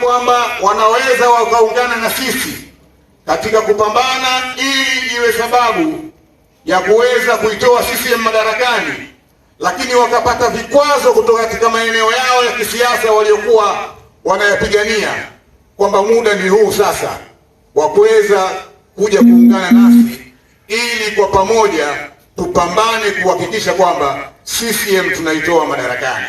kwamba wanaweza wakaungana na sisi katika kupambana ili iwe sababu ya kuweza kuitoa CCM madarakani, lakini wakapata vikwazo kutoka katika maeneo yao ya kisiasa waliokuwa wanayapigania, kwamba muda ni huu sasa wa kuweza kuja kuungana nasi ili kwa pamoja tupambane kuhakikisha kwamba CCM tunaitoa madarakani.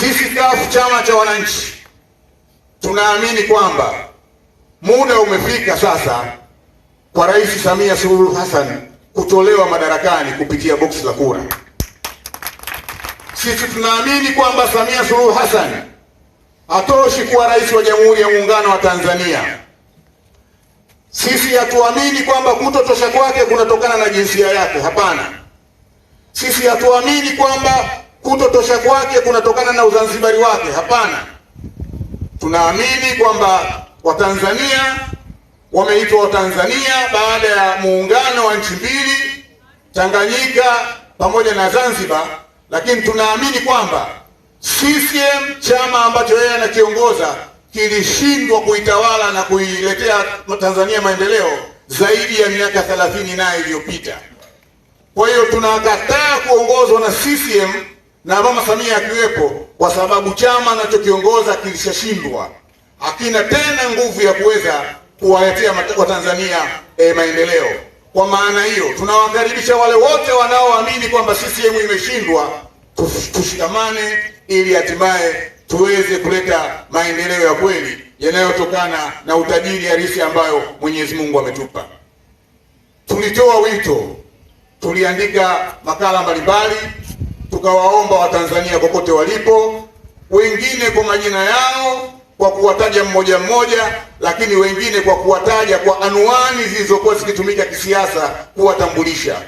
Sisi CUF chama cha wananchi tunaamini kwamba muda umefika sasa kwa Rais Samia Suluhu Hassan kutolewa madarakani kupitia boksi la kura. Sisi tunaamini kwamba Samia Suluhu Hassan hatoshi kuwa rais wa Jamhuri ya Muungano wa Tanzania. Sisi hatuamini kwamba kutotosha kwake kunatokana na jinsia yake, hapana. Sisi hatuamini kwamba kutotosha kwake kunatokana na uzanzibari wake. Hapana, tunaamini kwamba Watanzania wameitwa Watanzania baada ya muungano wa nchi mbili Tanganyika pamoja na Zanzibar, lakini tunaamini kwamba CCM chama ambacho yeye anakiongoza kilishindwa kuitawala na kuiletea Tanzania maendeleo zaidi ya miaka 30 nayo iliyopita. Kwa hiyo tunakataa kuongozwa na CCM na mama Samia akiwepo, kwa sababu chama anachokiongoza kilishashindwa, hakina tena nguvu ya kuweza kuwaletea Watanzania e, eh, maendeleo. Kwa maana hiyo, tunawakaribisha wale wote wanaoamini kwamba CCM imeshindwa, tushikamane ili hatimaye tuweze kuleta maendeleo ya kweli yanayotokana na utajiri halisi ambayo Mwenyezi Mungu ametupa. Tulitoa wito, tuliandika makala mbalimbali tukawaomba Watanzania kokote walipo, wengine kwa majina yao kwa kuwataja mmoja mmoja, lakini wengine kwa kuwataja kwa anwani zilizokuwa zikitumika kisiasa kuwatambulisha.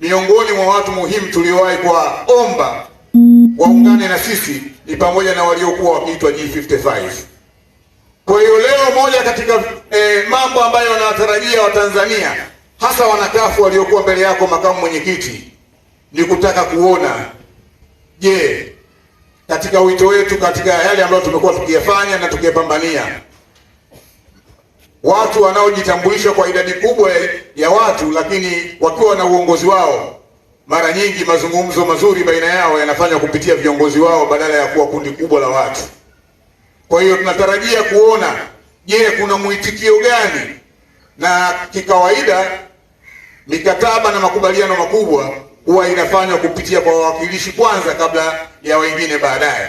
Miongoni mwa watu muhimu tuliowahi kuwaomba waungane na sisi ni pamoja na waliokuwa wakiitwa G55. Kwa hiyo leo moja katika e, mambo ambayo wanawatarajia Watanzania hasa wanakafu waliokuwa mbele yako, makamu mwenyekiti, ni kutaka kuona Je, katika wito wetu, katika yale ambayo tumekuwa tukiyafanya na tukiyapambania, watu wanaojitambulisha kwa idadi kubwa ya watu, lakini wakiwa na uongozi wao, mara nyingi mazungumzo mazuri baina yao yanafanywa kupitia viongozi wao badala ya kuwa kundi kubwa la watu. Kwa hiyo tunatarajia kuona, je, kuna mwitikio gani? Na kikawaida mikataba na makubaliano makubwa huwa inafanywa kupitia kwa wawakilishi kwanza kabla ya wengine baadaye.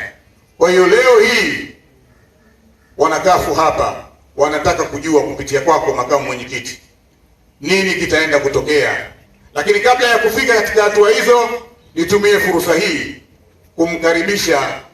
Kwa hiyo leo hii wanakafu hapa wanataka kujua kupitia kwako makamu mwenyekiti, nini kitaenda kutokea. Lakini kabla ya kufika katika hatua hizo, nitumie fursa hii kumkaribisha